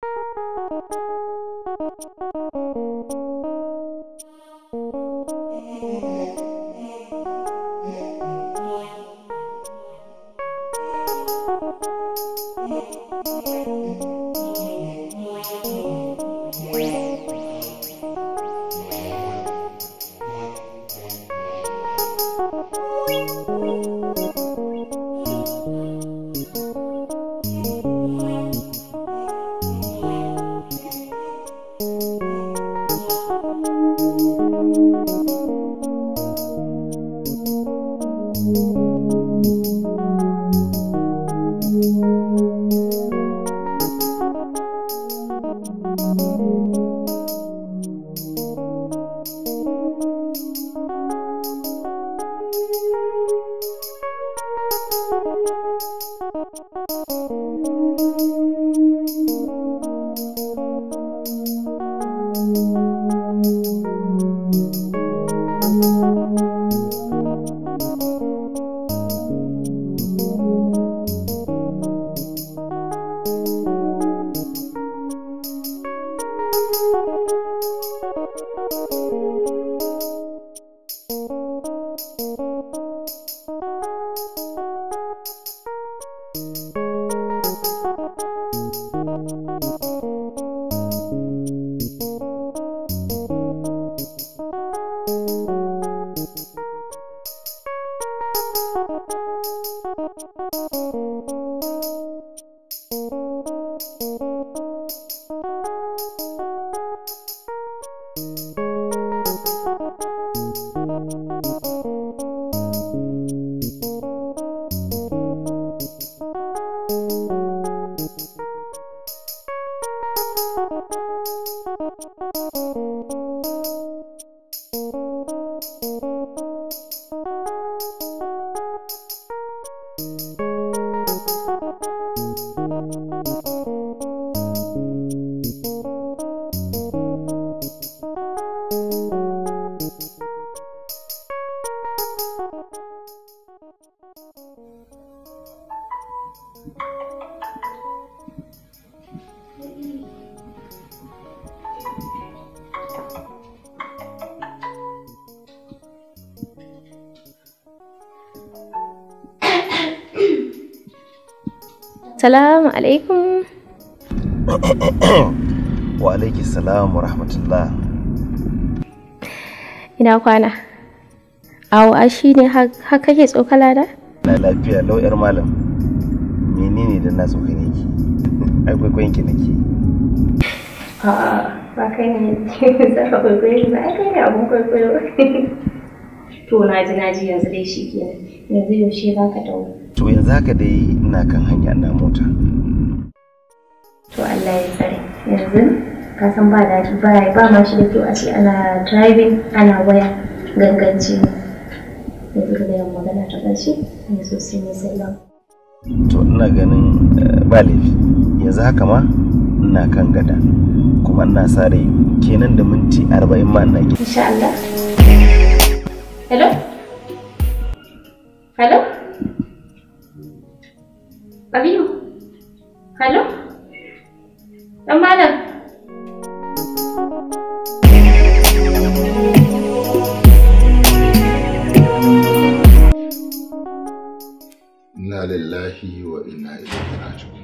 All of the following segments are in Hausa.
Thank you. Thank you. Thank you. Salamu alaikum. Wa alaiki salam wa rahmatullah. Ina kwana. Awo a shi ne haka kake tsokala da? Na lafiya lau yar malam. Menene da na tsokane ki? Ai kwaikwayon ki nake. A'a ba kai ne ka kwaikwayo ba ai kai ne abun kwaikwayo. To na ji na ji yanzu dai shi kenan. Yanzu yaushe ba ka dawo. to yanzu haka dai ina kan hanya na mota to Allah ya tsare yanzu ka san ba da ba ba ma shi da kyau a ce ana driving ana waya ganganci yanzu da 'yan magana ta ƙarshe yanzu sai ne sallama to ina ganin eh, ba laifi yanzu haka ma ina kan gada kuma ina sa rai kenan da minti arba'in ma ina gida. Insha Allah. Hello? Hello? Aliyu, hello? Ɗan malam. Inna lillahi wa inna ilaihi raji'un.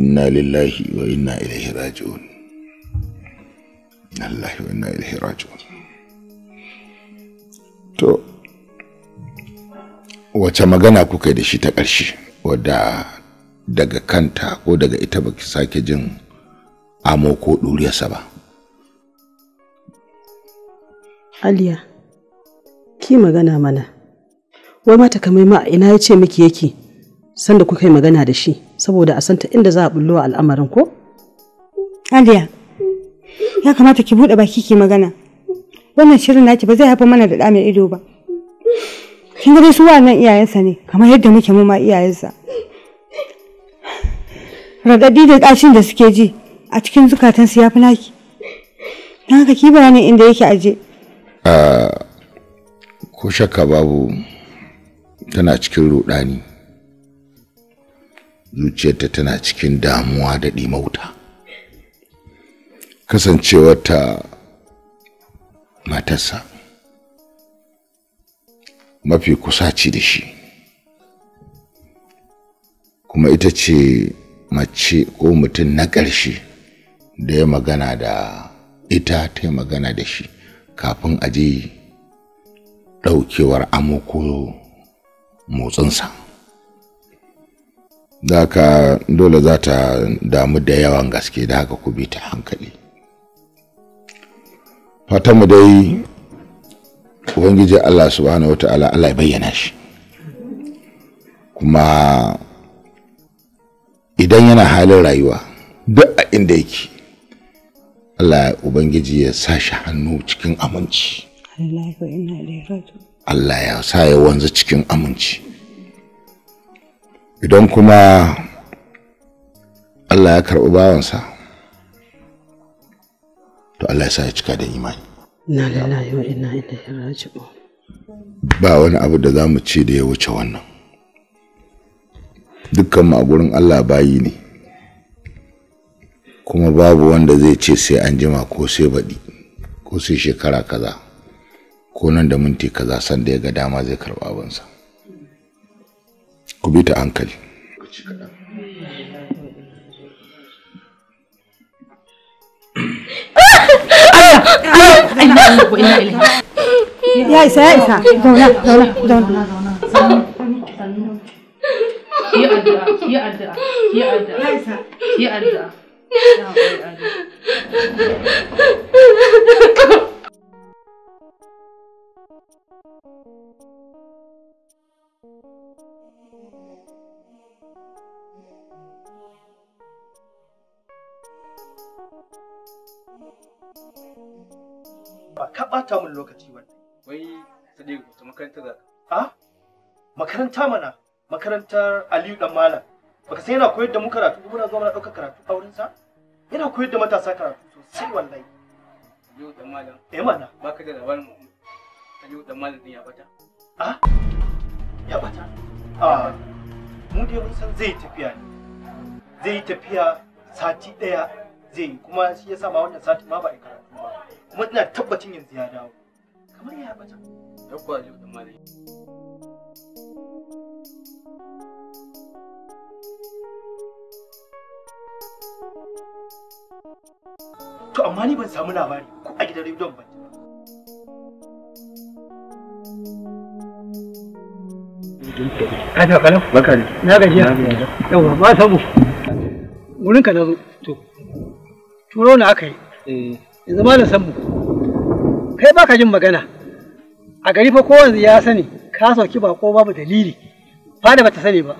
Inna lillahi wa inna ilaihi raji'un. Lillahi wa inna ilaihi raji'un. To, wace magana kuka da shi ta ƙarshe? wadda daga kanta ko daga ita baki sake jin amo ko ɗuriyarsa ba aliya ki magana mana wai mata kamai ma ina ya ce miki yake sanda kuka yi magana da shi saboda a santa inda za a bullo al'amarin ko aliya ya kamata ki buɗe baki ki magana wannan shirin naki ba zai haifa mana da ɗa mai ido ba kin dai su wannan iyayensa ne kamar yadda muke mu ma iyayensa radadi da kashin da suke ji a cikin zukatansu ya fi naki dan haka ki bayani inda yake aje ko shakka babu tana cikin rudani zuciyarta tana cikin damuwa da ɗimauta kasancewarta matarsa mafi kusa kusaci da shi kuma ita ce mace ko mutum na ƙarshe da ya magana da ita ta magana da shi kafin a je ɗaukewar amo ko motsinsa da haka dole za ta damu da yawan gaske da haka ku bi ta hankali fatanmu dai ubangiji Allah subhanahu ta'ala Allah ya bayyana shi kuma idan yana halin rayuwa duk a inda yake Allah ubangiji ya sa shi hannu cikin aminci Allah ya sa ya wanzu cikin aminci idan kuma Allah ya karɓi bawansa to Allah ya sa ya cika da imani Ba wani abu da zamu mu ce da ya wuce wannan. Dukkanmu a gurin Allah bayi ne. Kuma babu wanda zai ce sai an jima ko sai baɗi ko sai shekara kaza ko nan da minti kaza san da ya ga dama zai karɓa abinsa. Ku bi ta hankali. Allah! inna lillahi wa inna ilaihi ya isa ya ɓata mun lokaci wannan. Wai ta Sadiq ta makaranta za A? Makaranta mana, makarantar Aliyu Dan Malam. Baka san yana koyar da mu karatu ko muna zuwa muna ɗaukar karatu a wurinsa? Yana koyar da matasa karatu sosai wallahi. Aliyu Dan Malam. Eh mana. Baka da labarin Aliyu Dan Malam din ya bata. A? Ya bata? A. Mu dai mun san zai tafiya ne. Zai tafiya sati ɗaya zai yi kuma shi ya sa ma wannan sati ma ba a karatu. kuma ina tabbacin yanzu ya dawo kamar ya bata kwaje da mare to amma ni ban samu labari ko a gidan rediyon ban ba kalam? Na gajiya. ba samu. ka na zo. To. Turo na aka yi. Eh. Yanzu na san mu. kai baka jin magana a gari fa kowanne ya sani ka sauki ba ko babu dalili da bata sani ba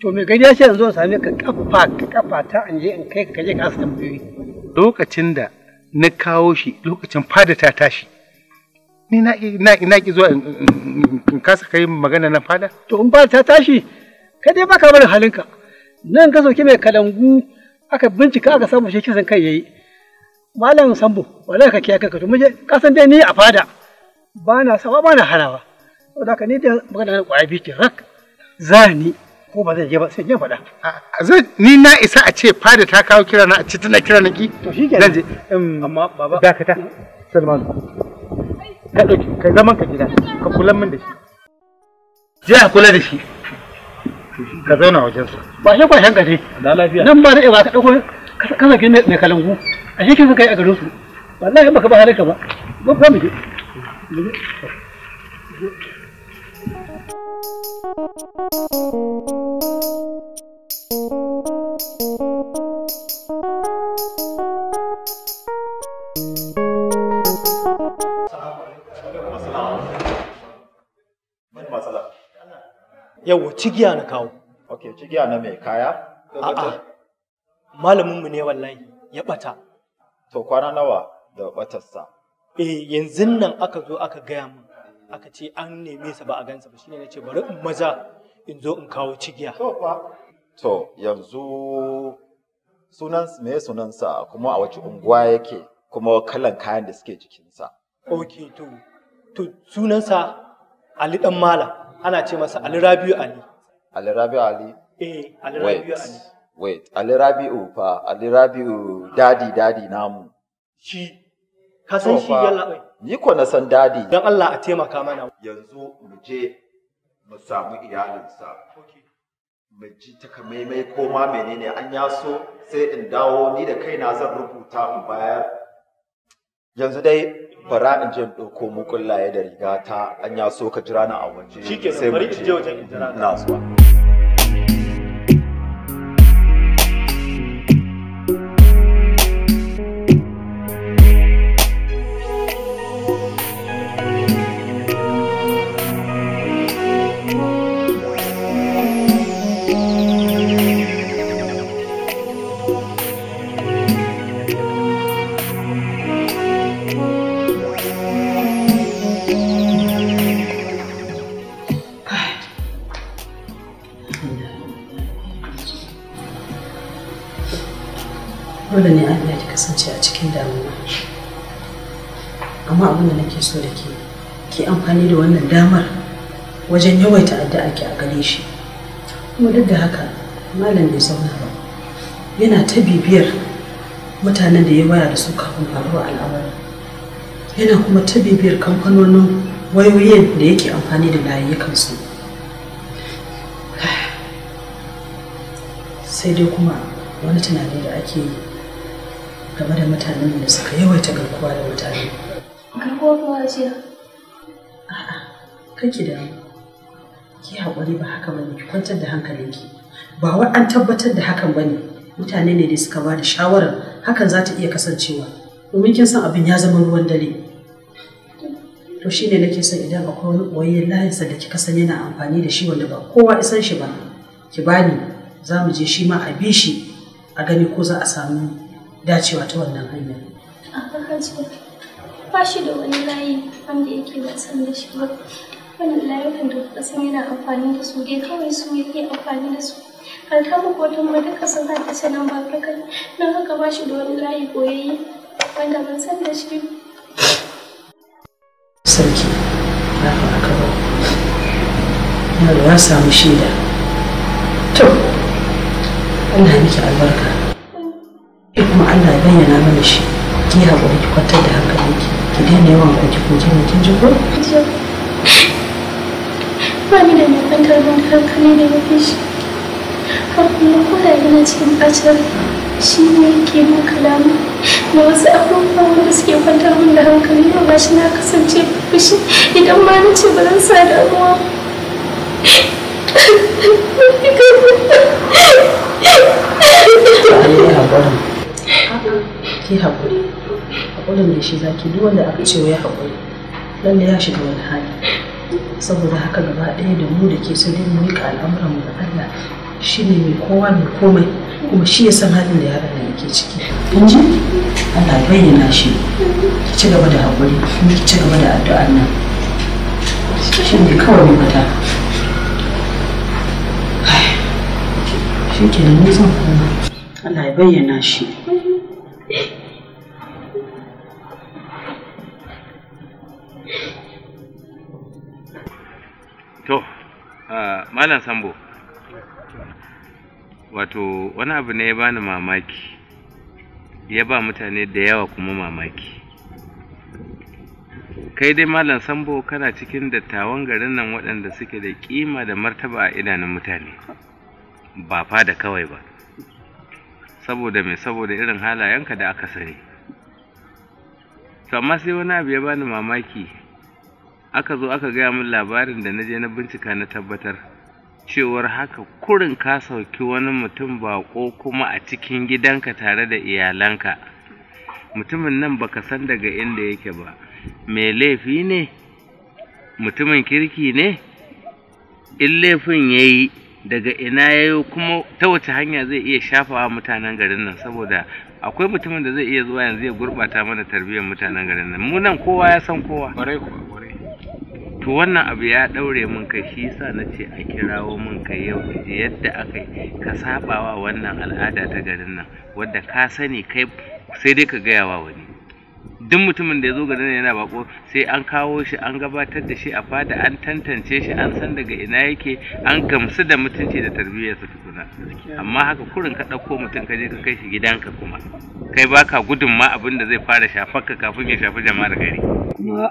to me gari ya ce yanzu in same ka kafa ka kafa ta an je in kai ka je ka asa tambayoyi lokacin da na kawo shi lokacin fada ta tashi ni na na ki zuwa in kasa kai magana na fada to in fada ta tashi ka dai baka barin halinka nan ka sauki mai kalangu aka bincika aka samu shi kisan kai yayi malam sambo Wala ka kiyaka ka to muje ka san dai ni a fada ba na sawa ba na harawa da ka ni da magana da kwaya biyu rak zani ko ba zai je ba sai je faɗa zan ni na isa a ce fada ta kawo kira na a ce tana kira naki to shikenan zan je amma baba ta Salman ka dauki ka zaman ka gida ka kula min da shi je a kula da shi ka zauna wajen sa ba shi kwashen ka dai da lafiya nan ba da ba ka dauko kana kin mai kalangu a shi kin kai a garin su wallahi baka ba halaka ba ba ba mu je Yau cigiya na kawo. Ok, cigiya na mai kaya? A'a. malaminmu ne wallahi ya ɓata. To kwana nawa da ɓatarsa? Eh yanzu nan aka zo aka gaya min aka ce an neme sa ba a gansa ba shine na ce bari in maza in zo in kawo cigiya. To fa. To yanzu sunan me sunansa kuma a wace unguwa yake kuma kalan kayan da suke jikinsa. Ok to to sunansa Ali dan Malam ana ce masa Ali Rabiu Ali. Ali Rabiu Ali. Eh Ali Rabiu Ali. wait Ali Rabi'u fa Ali Rabi'u dadi dadi namu shi ka san shi yalla bai ni ko na san dadi dan Allah a taimaka mana yanzu mu je mu samu iyalinsa mu ji takamaimai ko ma menene an ya so sai in dawo ni da kaina zan rubuta in bayar yanzu dai bara in je ɗauko mukullaye da rigata an ya so ka jira na a waje sai mu je wajen na zuwa dole ne amina ki kasance a cikin damuwa amma abin da nake so da ke ki amfani da wannan damar wajen yawaita addu'a ki a gare shi kuma duk da haka malam bai zauna ba yana ta bibiyar mutanen da ya waya da su kafin faruwa al'amarin yana kuma ta bibiyar kamfanonin wayoyin da yake amfani da layukan su sai dai kuma wani tunani da ake yi game da mutanen da suka yawaita garkuwa da mutane. Garkuwa kuma ce? A'a, kanki da ki haƙuri ba haka bane ki kwantar da hankalinki. Ba wa an tabbatar da hakan bane mutane ne da suka ba da shawarar hakan za ta iya kasancewa domin kin san abin ya zama ruwan dare. To shi ne nake son idan akwai wani ɓoyayyen layinsa da kika san yana amfani da shi wanda ba kowa isan shi ba. Ki bani za mu je shi ma a bi shi a gani ko za a samu dacewa ta wannan hanyar. A ba shi da wani layi wanda yake ba san da shi ba. wani layukan da kuka san yana amfani da su dai kawai su yake amfani da su. Har ta muku wata mai duka sun haɗa ta nan ba kai don haka ba shi da wani layi koyayye wanda ban san da shi Sarki, na faɗa ka ba. Yaro ya samu shaida. To, Allah ya miki albarka. Allah ya bayyana mana shi ki haƙuri ki kwantar da hankalinki ki daina yawan koki koki ne kin ji ko ba ni da mai kwantar da hankali da yake shi har kuma ko da yana cikin ɓacin shi ne yake min kalamu da wasu abubuwa wanda suke kwantar min da hankali yau ba shi na kasance fushi idan ma na ce ba zan sa damuwa Thank you. ki haƙuri haƙurin da shi zaki duk wanda aka ce ya haƙuri lalle ya shiga wani hali saboda haka gaba ɗaya da mu da ke so dai mu riƙa al'amuranmu da Allah shi ne mai kowa mai komai kuma shi ya san halin da yaran da yake ciki kun ji Allah bayyana shi ki ci gaba da haƙuri ki ci gaba da addu'an nan shi ne kawai mafita shi ke da nisan kuma Allah ya bayyana shi Uh, malam sambo wato wani abu ne ya bani mamaki ya ba mutane da yawa kuma mamaki kai dai malam sambo kana cikin dattawan garin nan waɗanda suke da kima da martaba a idanun mutane ba fa da kawai ba saboda mai saboda irin halayenka da aka sani to amma sai wani abu ya bani mamaki aka zo aka gaya min labarin da na je na bincika na tabbatar cewar haka kurin ka sauki wani mutum bako kuma a cikin gidanka tare da iyalanka mutumin nan baka san daga inda yake ba mai laifi ne mutumin kirki ne in laifin ya yi daga ina ya yi kuma ta wace hanya zai iya shafawa mutanen garin nan saboda akwai mutumin da zai iya zuwa yanzu ya gurɓata mana tarbiyyar mutanen garin nan mu nan kowa ya san kowa to wannan abu ya ɗaure mun kai shi yasa na ce a kirawo mun kai yau yadda aka yi ka sabawa wannan al'ada ta garin nan wadda ka sani kai sai dai ka gaya wa wani duk mutumin da ya zo garin yana bako sai an kawo shi an gabatar da shi a fada an tantance shi an san daga ina yake an gamsu da mutunci da tarbiyyar su tukuna amma haka kurin ka ɗauko mutum ka je ka kai shi gidanka kuma kai baka gudun ma abin da zai fara shafarka kafin ya shafi jama'ar gari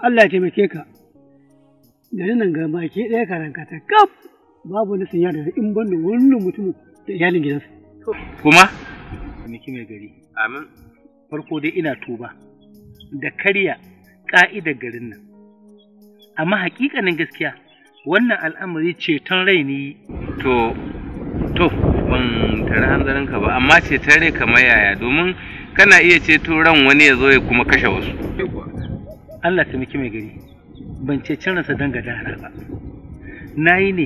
Allah ya taimake ka da nan ga baki ɗaya karankata kaf babu wani ya da in ban wani mutum da iyalin gidansa. Kuma? Niki mai gari. Amin. Farko dai ina tuba da karya ƙa'idar garin nan. Amma hakikanin gaskiya wannan al'amari ceton rai ne. To, to, ban tare hanzarin ka ba, amma ceton rai kamar yaya domin kana iya ceto ran wani ya zo ya kuma kashe wasu. Allah ta miki mai gari. ban ceci ta don dara ba na yi ne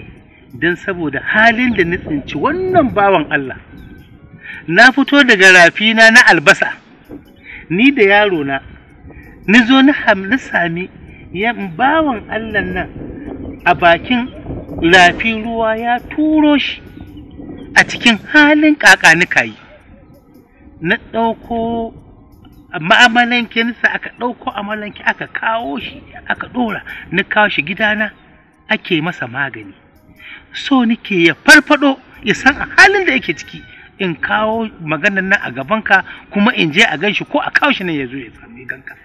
don saboda halin da na tsinci wannan bawan Allah na fito daga rafina na albasa ni da yaro na ni zo na sami bawan Allah nan a bakin rafi ruwa ya turo shi a cikin halin kakanikayi na ɗauko ma'amalankinsa aka ɗauko amalanki aka kawo shi aka ɗora na kawo shi gidana ake masa magani so nike ya farfado ya san a halin da yake ciki in kawo maganar nan a gabanka kuma in je a ganshi ko a kawo shi nan ya zo ya samu ganka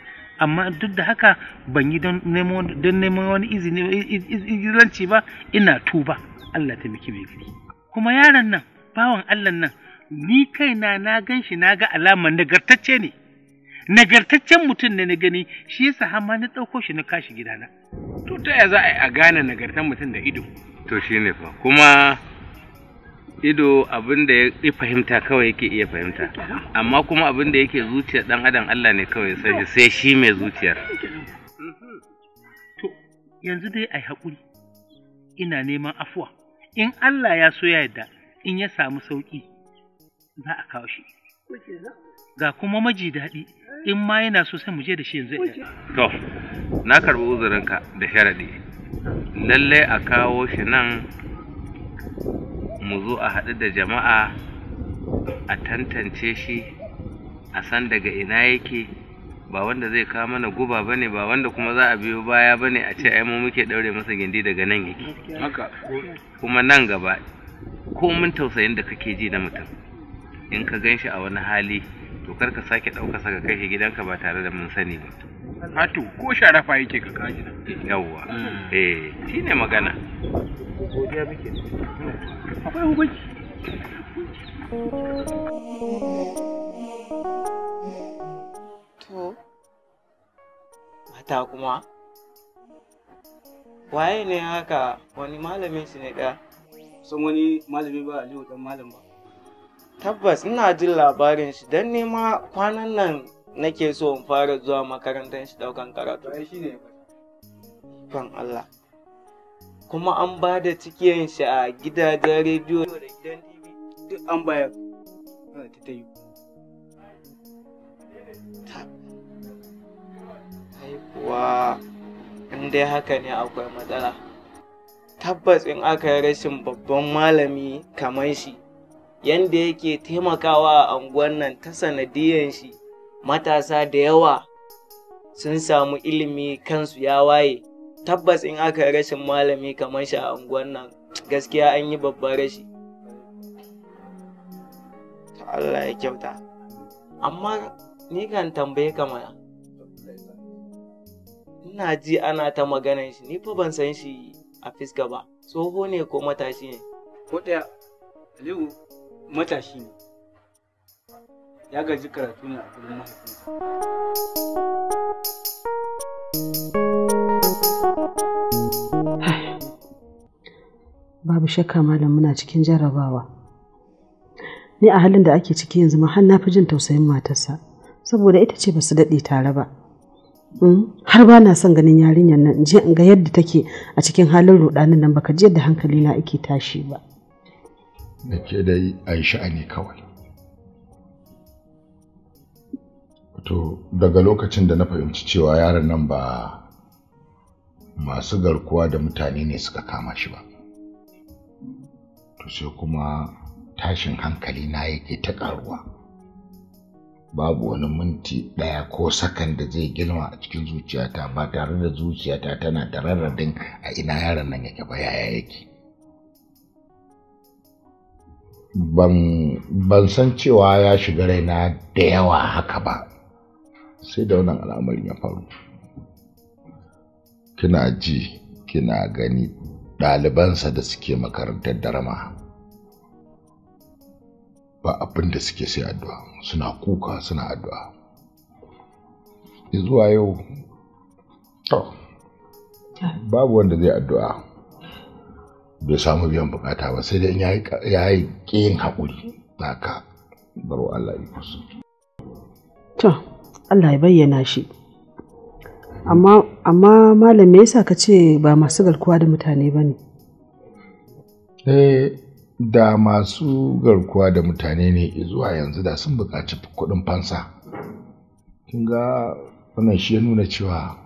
amma duk da haka ban yi don neman wani izini ba ina tuba Allah ta miki mai gari kuma yaron nan bawan Allah nan ni kaina na ganshi shi na ga alamar nagartacce ne nagartaccen mutum ne na gani shi yasa har ma na ɗauko shi na kashi gidana to ta yaya za a yi a gane nagartan mutum da ido to ne fa kuma ido abin da ya fahimta kawai yake iya fahimta amma kuma abin da yake zuciyar dan adam Allah ne kawai sai sai shi mai zuciyar to yanzu dai ai hakuri ina neman afuwa in Allah ya so ya yarda in ya samu sauki za a kawo shi ga kuma maji daɗi in ma yana so sai mu je da shi yanzu to na karbi uzurinka da sharadi lallai a kawo shi nan mu zo a haɗu da jama'a a tantance shi a san daga ina yake ba wanda zai kawo mana guba ba ne ba wanda kuma za a biyo baya ba ne a ce ai mu muke ɗaure masa gindi daga nan yake kuma nan gaba ko mun tausayin da kake ji na mutum in ka gan shi a wani hali to kar ka sake ɗauka saka kai shi gidanka ba tare da mun sani ba hatu ah, ko sharafa yake ka kaji yawwa hmm. eh shine magana godiya muke akwai hukunci to mata kuma waye ne haka wani malamin su ne ɗaya sun wani malami ba aliyu dan malam ba Tabbas ina jin labarin shi don nema kwanan nan nake so in fara zuwa makarantar shi daukan karatu. Ban Allah. Kuma an ba da cikiyan shi a gidajen rediyo da gidan TV duk an bayar. Ta yi. kuwa in dai haka ne akwai matsala. Tabbas in aka yi rashin babban malami kamar shi. yanda yake taimakawa a unguwar nan ta sanadiyan shi matasa da yawa sun samu ilimi kansu ya waye tabbas in aka yi rashin malami kamar shi a unguwar nan gaskiya an yi babban rashi Allah ya kyauta amma ni kan tambaye ka mana ina ji ana ta maganan shi ni fa ban san shi a fiska ba tsoho ne ko matashi ne ko ɗaya Aliyu matashi ne ya gaji karatu ne a gurin mahaifinsa babu shakka malam muna cikin jarrabawa ni a halin da ake ciki yanzu ma na fi jin tausayin matarsa saboda ita ce ba su daɗe tare ba hmm? har ba na son ganin yarinyar nan in ga yadda take a cikin halin ruɗanin nan baka ji yadda hankali na ake tashi ba da ke da a yi sha'ani kawai to daga lokacin da na fahimci cewa yaron nan ba masu garkuwa da mutane ne suka kama shi ba to sai kuma tashin hankali na yake ta karuwa babu wani minti ɗaya ko sakan da zai girma a cikin zuciyata ba tare da zuciyata tana da rarradin a ina yaron nan yake ba yaya yake ban san cewa ya shiga raina da yawa haka ba sai da wannan al'amarin ya faru kina ji kina gani ɗalibansa da suke makarantar darama ba abin da suke sai addu'a suna kuka suna addu'a zuwa yau babu wanda zai addu'a bai samu biyan bukata ba sai dai ya yi ƙin haƙuri ka baro Allah ya kusa. To, Allah ya bayyana shi. Amma, amma malam me yasa ka ce ba masu garkuwa da mutane ba ne? Eh, da masu garkuwa da mutane ne zuwa yanzu da sun buƙaci kuɗin fansa. Kin ga wannan shi ya nuna cewa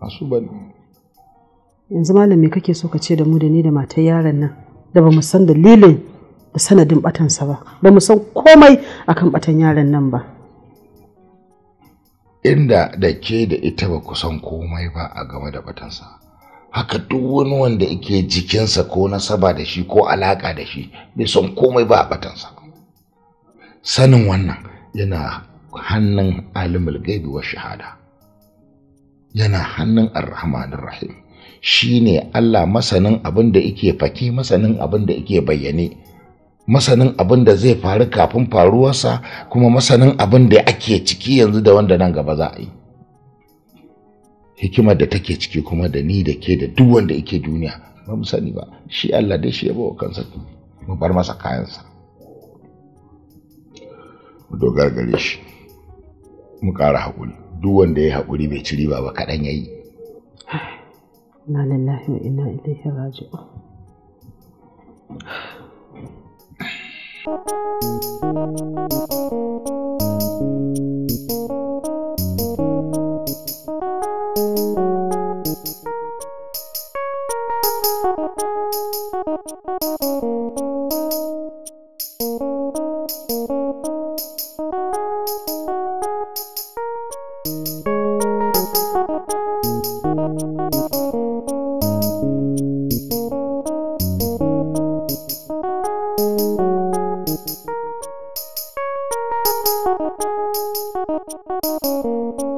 masu ban yanzu malam me kake so ka ce da mu da ni da matar yaran nan da ba mu san dalilin da sanadin batansa ba ba mu san komai akan batan yaran nan ba inda da ke da ita ba ku san komai ba a game da batansa haka duk wani wanda yake jikinsa ko nasaba da shi ko alaka da shi bai san komai ba a batansa sanin wannan yana hannun alimul gaibi wa shahada yana hannun arrahmanir rahim shine Allah masanin abin da yake faki masanin abin da yake bayyane masanin abin da zai faru kafin faruwarsa kuma masanin abin da ake ciki yanzu da wanda nan gaba za a yi hikimar da take ciki kuma da ni da ke da duk wanda yake duniya ba mu sani ba shi Allah dai shi ya bawa kansa mu bar masa kayansa mu dogar gare shi mu ƙara haƙuri duk wanda ya haƙuri bai ci riba ba kaɗan ya yi إنا لله وإنا إليه راجعون Thank you. Thank you.